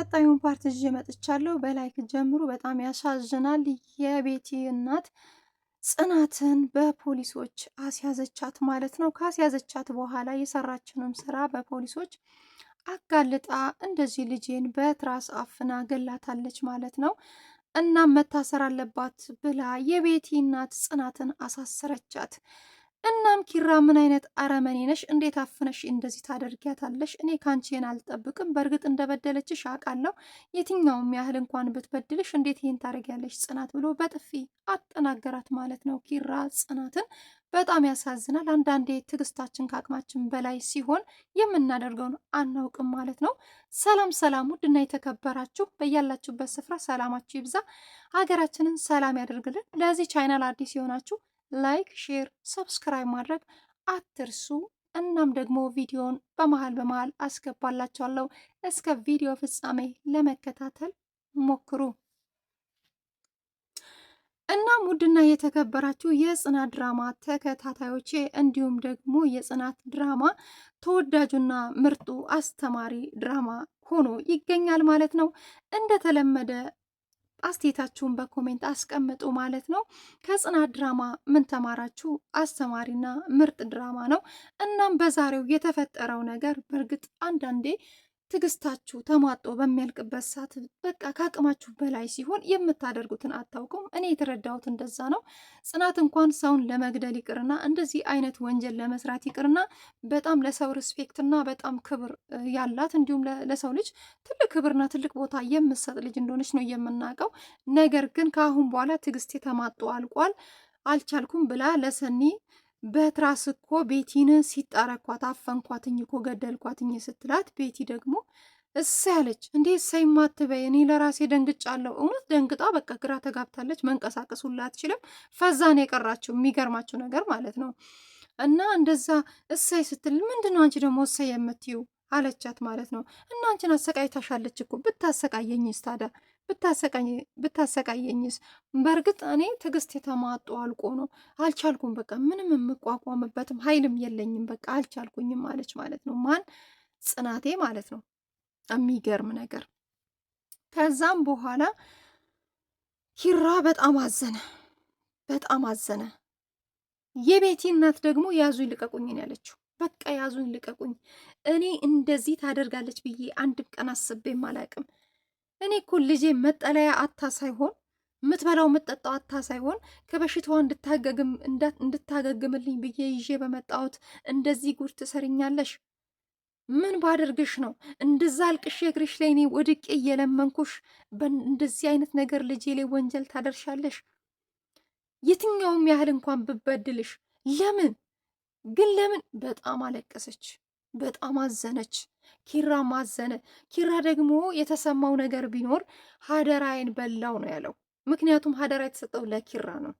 ቀጣዩን ፓርት ይዤ መጥቻለሁ። በላይክ ጀምሩ። በጣም ያሳዝናል። የቤቲ እናት ጽናትን በፖሊሶች አስያዘቻት ማለት ነው። ካስያዘቻት በኋላ የሰራችንም ስራ በፖሊሶች አጋልጣ እንደዚህ ልጄን በትራስ አፍና ገላታለች ማለት ነው። እናም መታሰር አለባት ብላ የቤቲ እናት ጽናትን አሳሰረቻት። እናም ኪራ ምን አይነት አረመኔ ነሽ? እንዴት አፍነሽ እንደዚህ ታደርጊያታለሽ? እኔ ካንቺን አልጠብቅም። በእርግጥ እንደበደለችሽ አውቃለሁ። የትኛውም ያህል እንኳን ብትበድልሽ እንዴት ይህን ታደርጊያለሽ ጽናት ብሎ በጥፊ አጠናገራት ማለት ነው ኪራ ጽናትን። በጣም ያሳዝናል። አንዳንዴ ትዕግስታችን ከአቅማችን በላይ ሲሆን የምናደርገውን አናውቅም ማለት ነው። ሰላም ሰላም! ውድና የተከበራችሁ በያላችሁበት ስፍራ ሰላማችሁ ይብዛ፣ ሀገራችንን ሰላም ያደርግልን። ለዚህ ቻይናል አዲስ የሆናችሁ ላይክ፣ ሼር፣ ሰብስክራይብ ማድረግ አትርሱ። እናም ደግሞ ቪዲዮን በመሀል በመሀል አስገባላችኋለሁ እስከ ቪዲዮ ፍጻሜ ለመከታተል ሞክሩ። እናም ውድና የተከበራችሁ የጽናት ድራማ ተከታታዮቼ እንዲሁም ደግሞ የጽናት ድራማ ተወዳጁና ምርጡ አስተማሪ ድራማ ሆኖ ይገኛል ማለት ነው። እንደተለመደ አስቴታችሁን በኮሜንት አስቀምጡ ማለት ነው። ከጽናት ድራማ ምን ተማራችሁ? አስተማሪና ምርጥ ድራማ ነው። እናም በዛሬው የተፈጠረው ነገር በእርግጥ አንዳንዴ ትግስታችሁ ተሟጦ በሚያልቅበት ሰዓት በቃ ከአቅማችሁ በላይ ሲሆን የምታደርጉትን አታውቁም። እኔ የተረዳሁት እንደዛ ነው። ጽናት እንኳን ሰውን ለመግደል ይቅርና እንደዚህ አይነት ወንጀል ለመስራት ይቅርና በጣም ለሰው ሪስፔክት እና በጣም ክብር ያላት እንዲሁም ለሰው ልጅ ትልቅ ክብርና ትልቅ ቦታ የምሰጥ ልጅ እንደሆነች ነው የምናውቀው። ነገር ግን ከአሁን በኋላ ትግስቴ ተሟጦ አልቋል፣ አልቻልኩም ብላ ለሰኒ በትራስ እኮ ቤቲን ሲጣረኳት አፈንኳትኝ እኮ ገደልኳትኝ ስትላት ቤቲ ደግሞ እሰይ አለች። እንዴ እሰይማ አትበይ፣ እኔ ለራሴ ደንግጫለሁ። እውነት ደንግጣ በቃ ግራ ተጋብታለች። መንቀሳቀስ ሁላ አትችልም። ፈዛን የቀራችው የሚገርማችሁ ነገር ማለት ነው። እና እንደዛ እሰይ ስትል ምንድን ነው አንቺ ደግሞ እሰይ የምትዩ አለቻት ማለት ነው። እና አንቺን አሰቃይታሻለች እኮ ብታሰቃየኝ ስታዳ ብታሰቃየኝስ? በእርግጥ እኔ ትዕግስት የተማጡ አልቆ ነው። አልቻልኩም፣ በቃ ምንም የምቋቋምበትም ኃይልም የለኝም፣ በቃ አልቻልኩኝም አለች ማለት ነው። ማን ጽናቴ ማለት ነው። የሚገርም ነገር። ከዛም በኋላ ኪራ በጣም አዘነ፣ በጣም አዘነ። የቤቲ እናት ደግሞ ያዙኝ ልቀቁኝ ነው ያለችው። በቃ ያዙኝ ልቀቁኝ፣ እኔ እንደዚህ ታደርጋለች ብዬ አንድም ቀን አስቤም አላውቅም። እኔ እኮ ልጄ መጠለያ አታ ሳይሆን የምትበላው የምትጠጣው አታ ሳይሆን ከበሽታዋ እንድታገግምልኝ ብዬ ይዤ በመጣሁት እንደዚህ ጉድ ትሰርኛለሽ? ምን ባደርግሽ ነው እንደዛ አልቅሽ እግርሽ ላይ እኔ ወድቄ እየለመንኩሽ እንደዚህ አይነት ነገር ልጄ ላይ ወንጀል ታደርሻለሽ? የትኛውም ያህል እንኳን ብበድልሽ ለምን ግን ለምን? በጣም አለቀሰች፣ በጣም አዘነች። ኪራ ማዘነ። ኪራ ደግሞ የተሰማው ነገር ቢኖር ሀደራዬን በላው ነው ያለው። ምክንያቱም ሀደራ የተሰጠው ለኪራ ነው።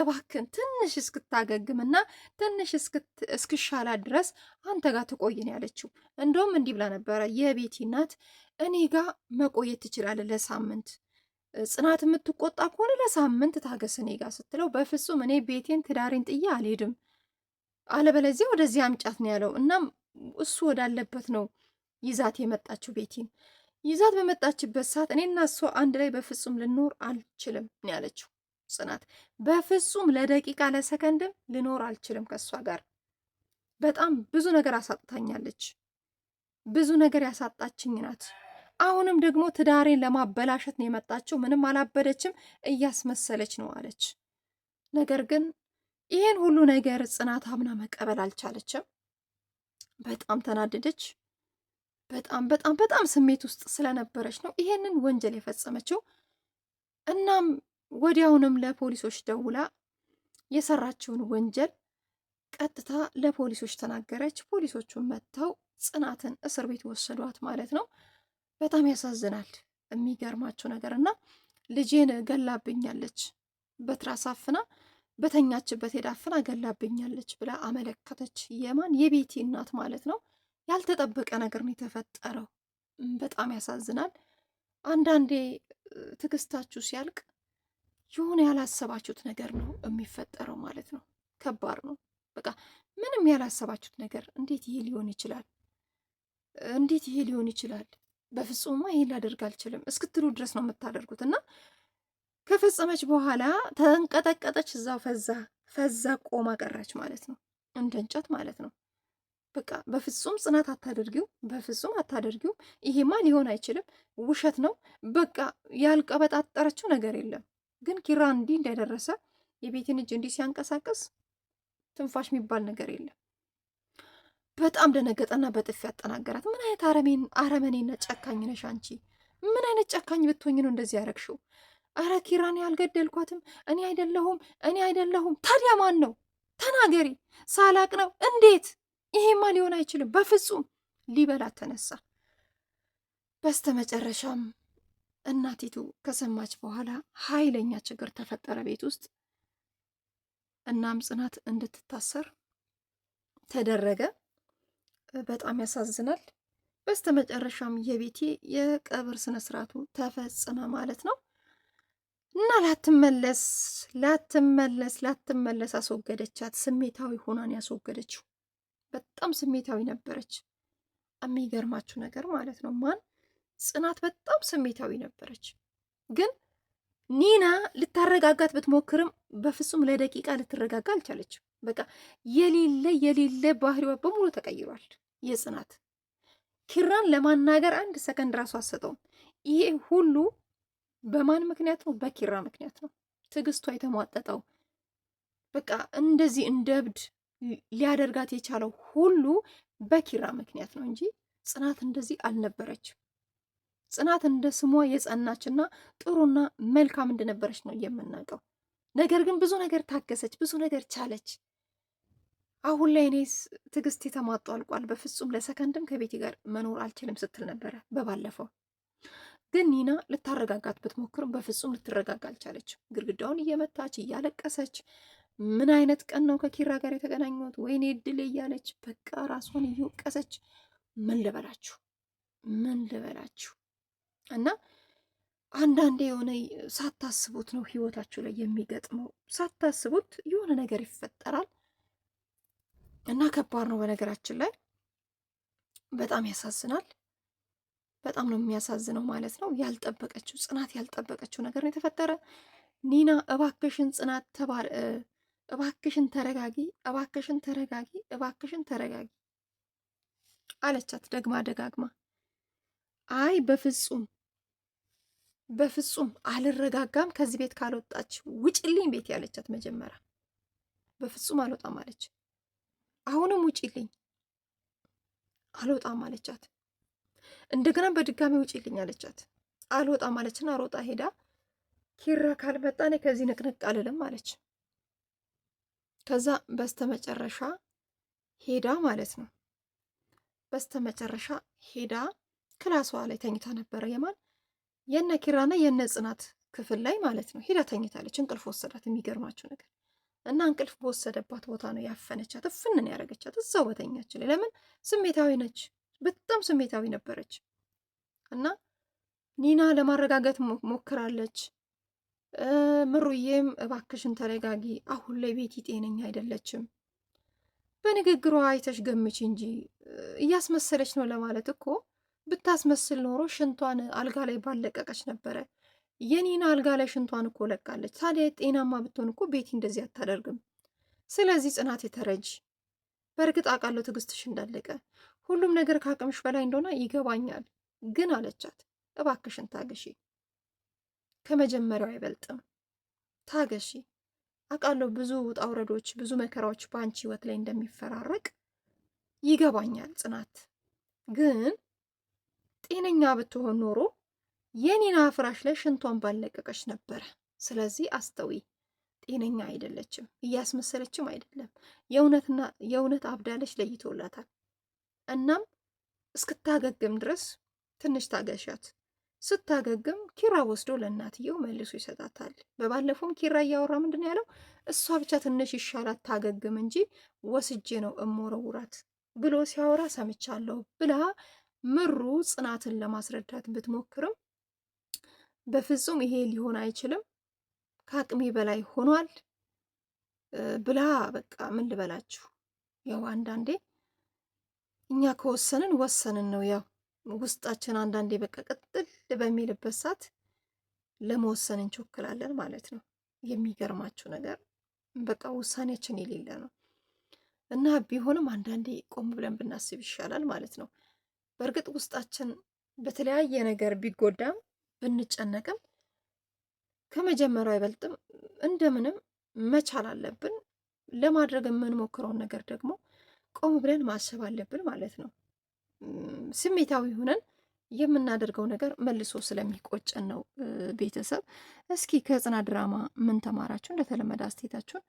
እባክን ትንሽ እስክታገግምና ትንሽ እስክሻላ ድረስ አንተ ጋር ትቆይን ያለችው። እንደውም እንዲህ ብላ ነበረ የቤቲ እናት፣ እኔ ጋር መቆየት ትችላለህ ለሳምንት ጽናት የምትቆጣ ከሆነ ለሳምንት ታገስ እኔ ጋር ስትለው፣ በፍጹም እኔ ቤቴን ትዳሬን ጥዬ አልሄድም፣ አለበለዚያ ወደዚህ አምጫት ነው ያለው። እናም እሱ ወዳለበት ነው ይዛት የመጣችው ቤቲን። ይዛት በመጣችበት ሰዓት እኔና እሷ አንድ ላይ በፍጹም ልኖር አልችልም ነው ያለችው ጽናት። በፍጹም ለደቂቃ ለሰከንድም ልኖር አልችልም ከእሷ ጋር። በጣም ብዙ ነገር አሳጥታኛለች፣ ብዙ ነገር ያሳጣችኝ ናት። አሁንም ደግሞ ትዳሬን ለማበላሸት ነው የመጣችው። ምንም አላበደችም፣ እያስመሰለች ነው አለች። ነገር ግን ይህን ሁሉ ነገር ጽናት አምና መቀበል አልቻለችም። በጣም ተናደደች። በጣም በጣም በጣም ስሜት ውስጥ ስለነበረች ነው ይሄንን ወንጀል የፈጸመችው። እናም ወዲያውንም ለፖሊሶች ደውላ የሰራችውን ወንጀል ቀጥታ ለፖሊሶች ተናገረች። ፖሊሶቹን መጥተው ጽናትን እስር ቤት ወሰዷት ማለት ነው። በጣም ያሳዝናል። የሚገርማቸው ነገር እና ልጄን ገላብኛለች በትራሳፍና በተኛችበት ሄዳ አፍና ብላ አመለከተች። የማን የቤቲ እናት ማለት ነው። ያልተጠበቀ ነገር ነው የተፈጠረው። በጣም ያሳዝናል። አንዳንዴ ትዕግስታችሁ ሲያልቅ የሆነ ያላሰባችሁት ነገር ነው የሚፈጠረው ማለት ነው። ከባድ ነው። በቃ ምንም ያላሰባችሁት ነገር እንዴት ይሄ ሊሆን ይችላል? እንዴት ይሄ ሊሆን ይችላል? በፍጹማ ይሄን ላደርግ አልችልም እስክትሉ ድረስ ነው የምታደርጉት እና ከፈጸመች በኋላ ተንቀጠቀጠች። እዛው ፈዛ ፈዛ ቆማ ቀራች ማለት ነው፣ እንደ እንጨት ማለት ነው። በቃ በፍጹም ጽናት አታደርጊው፣ በፍጹም አታደርጊው፣ ይሄማ ሊሆን አይችልም፣ ውሸት ነው። በቃ ያልቀበጣጠረችው ነገር የለም። ግን ኪራ እንዲህ እንዳደረሰ የቤትን እጅ እንዲህ ሲያንቀሳቀስ ትንፋሽ የሚባል ነገር የለም። በጣም ደነገጠና በጥፊ ያጠናገራት። ምን አይነት አረመኔና ጨካኝ ነሽ አንቺ? ምን አይነት ጨካኝ ብትሆኝ ነው እንደዚህ ያረግሽው? አረ ኪራኔ አልገደልኳትም፣ እኔ አይደለሁም፣ እኔ አይደለሁም። ታዲያ ማን ነው? ተናገሪ። ሳላቅ ነው እንዴት? ይሄማ ሊሆን አይችልም በፍጹም ሊበላት ተነሳ። በስተመጨረሻም እናቲቱ ከሰማች በኋላ ኃይለኛ ችግር ተፈጠረ ቤት ውስጥ። እናም ጽናት እንድትታሰር ተደረገ። በጣም ያሳዝናል። በስተመጨረሻም የቤቴ የቀብር ስነስርዓቱ ተፈጸመ ማለት ነው። እና ላትመለስ ላትመለስ ላትመለስ አስወገደቻት። ስሜታዊ ሆናን ያስወገደችው በጣም ስሜታዊ ነበረች። የሚገርማችሁ ነገር ማለት ነው ማን ጽናት በጣም ስሜታዊ ነበረች። ግን ኒና ልታረጋጋት ብትሞክርም በፍጹም ለደቂቃ ልትረጋጋ አልቻለችም። በቃ የሌለ የሌለ ባህሪዋ በሙሉ ተቀይሯል። የጽናት ኪራን ለማናገር አንድ ሰከንድ ራሱ አሰጠውም። ይሄ ሁሉ በማን ምክንያት ነው? በኪራ ምክንያት ነው። ትዕግስቷ የተሟጠጠው በቃ እንደዚህ እንደ እብድ ሊያደርጋት የቻለው ሁሉ በኪራ ምክንያት ነው እንጂ ጽናት እንደዚህ አልነበረችም። ጽናት እንደ ስሟ የጸናችና ጥሩና መልካም እንደነበረች ነው የምናውቀው። ነገር ግን ብዙ ነገር ታገሰች፣ ብዙ ነገር ቻለች። አሁን ላይ እኔ ትዕግስት የተሟጠው አልቋል፣ በፍጹም ለሰከንድም ከቤቴ ጋር መኖር አልችልም ስትል ነበረ በባለፈው ግን ኒና ልታረጋጋት ብትሞክርም በፍጹም ልትረጋጋ አልቻለችም። ግድግዳውን እየመታች እያለቀሰች ምን አይነት ቀን ነው ከኪራ ጋር የተገናኘት? ወይኔ እድል እያለች በቃ ራሷን እየወቀሰች ምን ልበላችሁ ምን ልበላችሁ እና አንዳንዴ የሆነ ሳታስቡት ነው ህይወታችሁ ላይ የሚገጥመው። ሳታስቡት የሆነ ነገር ይፈጠራል እና ከባድ ነው። በነገራችን ላይ በጣም ያሳዝናል። በጣም ነው የሚያሳዝነው ማለት ነው። ያልጠበቀችው ጽናት ያልጠበቀችው ነገር ነው የተፈጠረ። ኒና እባክሽን ጽናት ተባር እባክሽን ተረጋጊ፣ እባክሽን ተረጋጊ፣ እባክሽን ተረጋጊ አለቻት ደግማ ደጋግማ። አይ በፍጹም በፍጹም አልረጋጋም ከዚህ ቤት ካልወጣች ውጭልኝ ቤት ያለቻት መጀመሪያ። በፍጹም አልወጣም አለች። አሁንም ውጭልኝ አልወጣም አለቻት። እንደገና በድጋሚ ልኝ አለቻት። አልወጣ ማለችና ሮጣ ሄዳ ኪራ ካልመጣ እኔ ከዚህ ንቅንቅ አልልም አለች። ከዛ በስተመጨረሻ ሄዳ ማለት ነው በስተመጨረሻ ሄዳ ክላሷ ላይ ተኝታ ነበረ። የማን የነ ኪራና የነ ጽናት ክፍል ላይ ማለት ነው ሄዳ ተኝታለች። እንቅልፍ ወሰዳት። የሚገርማችሁ ነገር እና እንቅልፍ በወሰደባት ቦታ ነው ያፈነቻት፣ ፍንን ያደረገቻት እዛው በተኛች ላይ። ለምን ስሜታዊ ነች በጣም ስሜታዊ ነበረች እና ኒና ለማረጋጋት ሞክራለች። ምሩዬም እባክሽን ተረጋጊ፣ አሁን ላይ ቤቲ ጤነኛ አይደለችም። በንግግሯ አይተሽ ገምች እንጂ እያስመሰለች ነው ለማለት እኮ ብታስመስል ኖሮ ሽንቷን አልጋ ላይ ባለቀቀች ነበረ። የኒና አልጋ ላይ ሽንቷን እኮ ለቃለች። ታዲያ ጤናማ ብትሆን እኮ ቤቲ እንደዚህ አታደርግም። ስለዚህ ጽናት የተረጅ በእርግጥ አውቃለሁ ትዕግስትሽ እንዳለቀ ሁሉም ነገር ከአቅምሽ በላይ እንደሆነ ይገባኛል፣ ግን አለቻት፣ እባክሽን ታገሺ፣ ከመጀመሪያው አይበልጥም፣ ታገሺ። አውቃለሁ ብዙ ውጣ ውረዶች፣ ብዙ መከራዎች በአንቺ ህይወት ላይ እንደሚፈራረቅ ይገባኛል ጽናት፣ ግን ጤነኛ ብትሆን ኖሮ የኔን አፍራሽ ላይ ሽንቷን ባለቀቀች ነበረ። ስለዚህ አስተዊ ጤነኛ አይደለችም፣ እያስመሰለችም አይደለም። የእውነት አብዳለች፣ ለይቶላታል። እናም እስክታገግም ድረስ ትንሽ ታገሻት። ስታገግም ኪራ ወስዶ ለእናትየው መልሶ ይሰጣታል። በባለፈውም ኪራ እያወራ ምንድን ነው ያለው? እሷ ብቻ ትንሽ ይሻላት ታገግም እንጂ ወስጄ ነው እሞረውራት ብሎ ሲያወራ ሰምቻለሁ ብላ ምሩ ጽናትን ለማስረዳት ብትሞክርም በፍጹም ይሄ ሊሆን አይችልም፣ ከአቅሜ በላይ ሆኗል ብላ በቃ ምን ልበላችሁ ያው አንዳንዴ እኛ ከወሰንን ወሰንን ነው። ያው ውስጣችን አንዳንዴ በቃ ቅጥል በሚልበት ሰዓት ለመወሰን እንቾክላለን ማለት ነው። የሚገርማችሁ ነገር በቃ ውሳኔያችን የሌለ ነው እና ቢሆንም አንዳንዴ ቆም ብለን ብናስብ ይሻላል ማለት ነው። በእርግጥ ውስጣችን በተለያየ ነገር ቢጎዳም ብንጨነቅም ከመጀመሪያው አይበልጥም። እንደምንም መቻል አለብን። ለማድረግ የምንሞክረውን ነገር ደግሞ ቆም ብለን ማሰብ አለብን ማለት ነው። ስሜታዊ ሆነን የምናደርገው ነገር መልሶ ስለሚቆጨን ነው። ቤተሰብ እስኪ ከጽናት ድራማ ምን ተማራችሁ? እንደተለመደ አስተያየታችሁን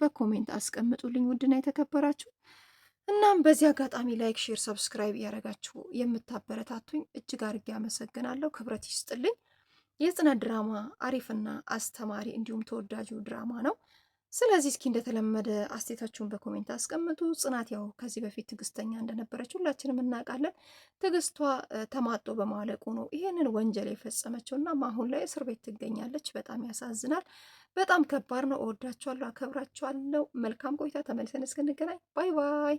በኮሜንት አስቀምጡልኝ። ውድና የተከበራችሁ እናም በዚህ አጋጣሚ ላይክ፣ ሼር፣ ሰብስክራይብ እያደረጋችሁ የምታበረታቱኝ እጅግ አድርጌ አመሰግናለሁ። ክብረት ይስጥልኝ። የጽናት ድራማ አሪፍና አስተማሪ እንዲሁም ተወዳጁ ድራማ ነው። ስለዚህ እስኪ እንደተለመደ አስቴታችሁን በኮሜንት አስቀምጡ። ጽናት ያው ከዚህ በፊት ትዕግስተኛ እንደነበረች ሁላችንም እናውቃለን። ትዕግስቷ ተማጦ በማለቁ ነው ይሄንን ወንጀል የፈጸመችው እና አሁን ላይ እስር ቤት ትገኛለች። በጣም ያሳዝናል። በጣም ከባድ ነው። እወዳችኋለሁ፣ አከብራችኋለሁ። መልካም ቆይታ። ተመልሰን እስክንገናኝ ባይ ባይ።